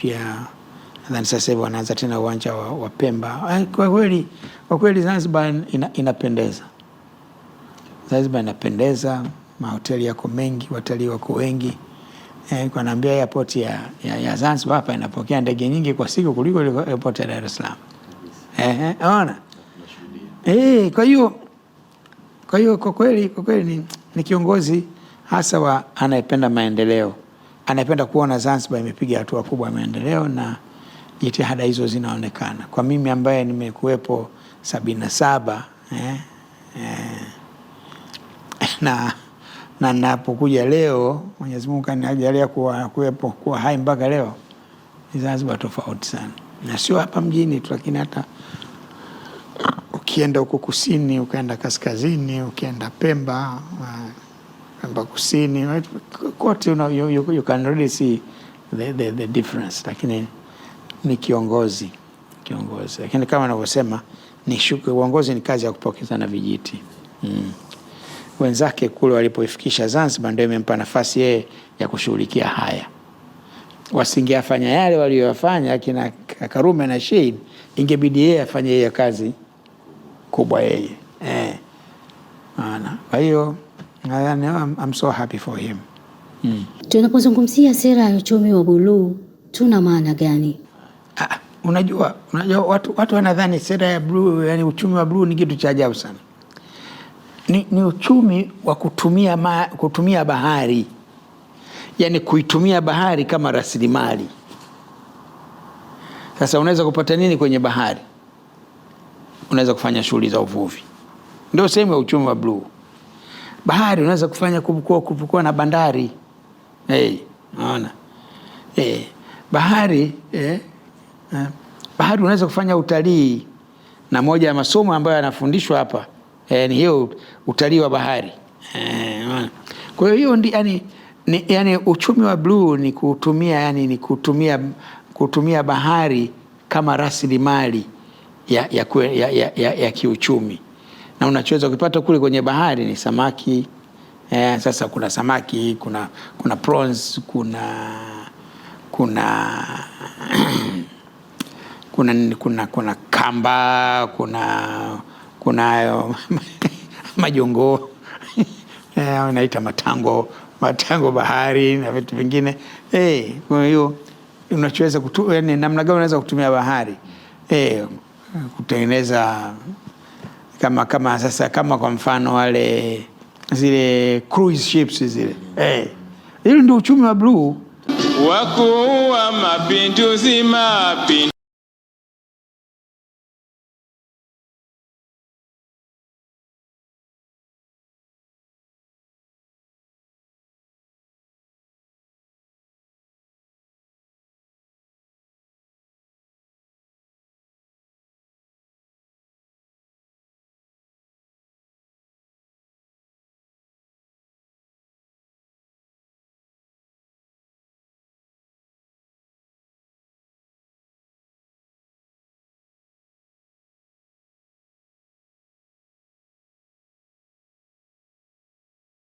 pia nadhani sasa hivi wanaanza tena uwanja wa, wa Pemba. Eh, kwa kweli kwa kweli Zanzibar ina, inapendeza. Zanzibar inapendeza, mahoteli yako mengi, watalii wako wengi. Eh, kwa naambia airport ya, ya, ya Zanzibar hapa inapokea ndege nyingi kwa siku kuliko ile airport ya Dar es Salaam. ona. Eh, kwa hiyo kwa hiyo kwa kweli kwa kweli ni, ni kiongozi hasa wa anayependa maendeleo anapenda kuona Zanzibar imepiga hatua kubwa ya maendeleo na jitihada hizo zinaonekana. Kwa mimi ambaye nimekuwepo sabini na saba eh, eh, na na napokuja leo Mwenyezi Mungu kanijalia kuwa kuwepo kuwa hai mpaka leo, ni Zanzibar tofauti sana, na sio hapa mjini tu, lakini hata ukienda huko kusini, ukaenda kaskazini, ukienda Pemba uh, Pemba Kusini, Kote you, know, you, you, you can really see the, the, the difference, lakini ni kiongozi kiongozi, lakini kama anavyosema ni shuku, Uongozi ni kazi ya kupokezana vijiti mm. Wenzake kule walipoifikisha Zanzibar ndio imempa nafasi yeye ya kushughulikia haya. Wasingeyafanya yale waliyofanya akina Karume na Shein, ingebidi yeye afanye hiyo kazi kubwa yeye eh. Kwa hiyo I'm, I'm so happy for him. Mm. Tunapozungumzia sera ya uchumi wa buluu tuna maana gani? Ah, unajua, unajua watu, watu wanadhani sera ya bluu, yani uchumi wa bluu ni kitu cha ajabu sana. Ni, ni uchumi wa kutumia, ma, kutumia bahari yani kuitumia bahari kama rasilimali. Sasa unaweza kupata nini kwenye bahari? Unaweza kufanya shughuli za uvuvi, ndio sehemu ya uchumi wa bluu bahari unaweza kufanya kuwa kuwa na bandari hey, naona hey, bahari hey, eh, eh, bahari unaweza kufanya utalii, na moja ya masomo ambayo yanafundishwa hapa eh, ni hiyo utalii wa bahari eh, Kwa hiyo hiyo ndi, yani, ni, yani uchumi wa bluu ni kutumia yani, ni kutumia kutumia bahari kama rasilimali ya, ya, ya, ya, ya, ya kiuchumi na unachoweza kupata kule kwenye bahari ni samaki eh. Sasa kuna samaki, kuna kuna prawns, kuna kuna kuna kuna kuna kamba, kuna kuna majongo unaita eh, matango matango bahari na vitu vingine hey. Eh, kwa hiyo unachoweza yani, namna gani unaweza kutumia bahari hey, eh, kutengeneza kama, kama sasa kama kwa mfano wale zile cruise ships zile eh, hey, ndio uchumi wa bluu. Wakuu wa mapinduzi mapinduzi